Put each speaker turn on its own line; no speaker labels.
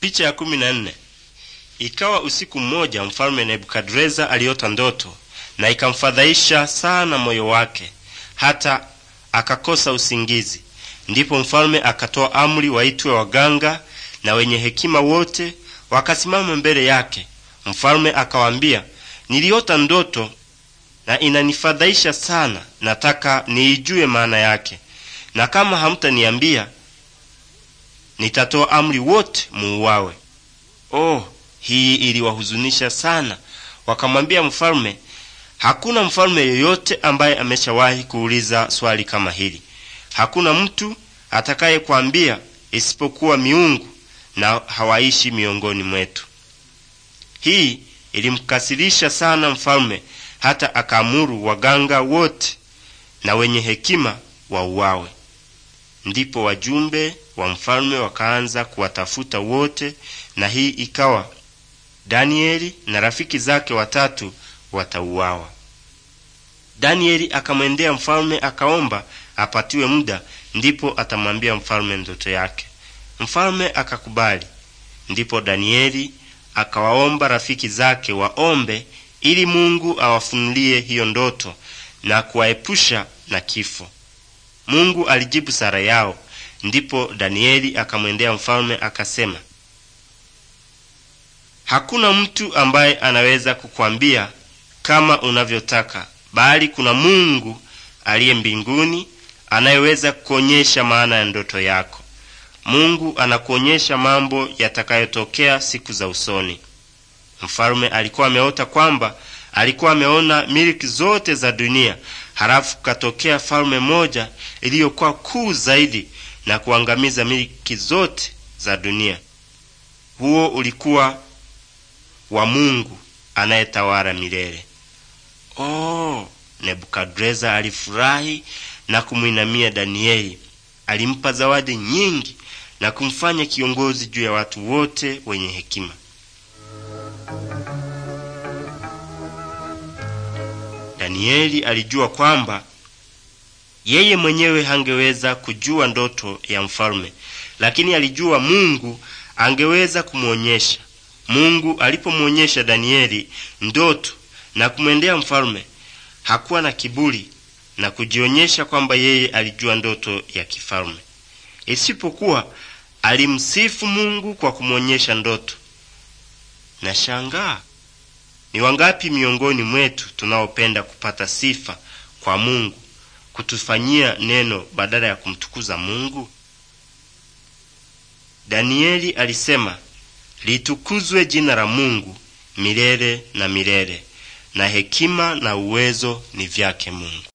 Picha ya kumi na nne. Ikawa usiku mmoja mfalme Nebukadreza aliota ndoto na ikamfadhaisha sana moyo wake hata akakosa usingizi. Ndipo mfalme akatoa amri waitwe waganga na wenye hekima wote wakasimama mbele yake. Mfalme akawaambia, niliota ndoto na inanifadhaisha sana, nataka niijue maana yake, na kama hamtaniambia nitatoa amri wote muuawe. Oh, hii iliwahuzunisha sana. Wakamwambia mfalme, hakuna mfalme yoyote ambaye ameshawahi kuuliza swali kama hili. Hakuna mtu atakayekwambia isipokuwa miungu, na hawaishi miongoni mwetu. Hii ilimkasirisha sana mfalme, hata akaamuru waganga wote na wenye hekima wauawe. Ndipo wajumbe wa mfalme wakaanza kuwatafuta wote, na hii ikawa Danieli na rafiki zake watatu watauawa. Danieli akamwendea mfalme akaomba apatiwe muda, ndipo atamwambia mfalme ndoto yake. Mfalme akakubali. Ndipo Danieli akawaomba rafiki zake waombe ili Mungu awafunulie hiyo ndoto na kuwaepusha na kifo. Mungu alijibu sala yao Ndipo Danieli akamwendea mfalme akasema, hakuna mtu ambaye anaweza kukwambia kama unavyotaka, bali kuna Mungu aliye mbinguni anayeweza kuonyesha maana ya ndoto yako. Mungu anakuonyesha mambo yatakayotokea siku za usoni. Mfalme alikuwa ameota kwamba alikuwa ameona miliki zote za dunia, halafu katokea falme moja iliyokuwa kuu zaidi na kuangamiza milki zote za dunia. Huo ulikuwa wa Mungu anayetawala milele. Oh, Nebukadreza alifurahi na kumwinamia Danieli. Alimpa zawadi nyingi na kumfanya kiongozi juu ya watu wote wenye hekima. Danieli alijua kwamba yeye mwenyewe hangeweza kujua ndoto ya mfalme, lakini alijua Mungu angeweza kumwonyesha. Mungu alipomwonyesha Danieli ndoto na kumwendea mfalme, hakuwa na kiburi na kujionyesha kwamba yeye alijua ndoto ya kifalme, isipokuwa alimsifu Mungu kwa kumwonyesha ndoto. Na shangaa, ni wangapi miongoni mwetu tunaopenda kupata sifa kwa Mungu kutufanyia neno badala ya kumtukuza Mungu? Danieli alisema, litukuzwe jina la Mungu milele na milele, na hekima na uwezo ni vyake Mungu.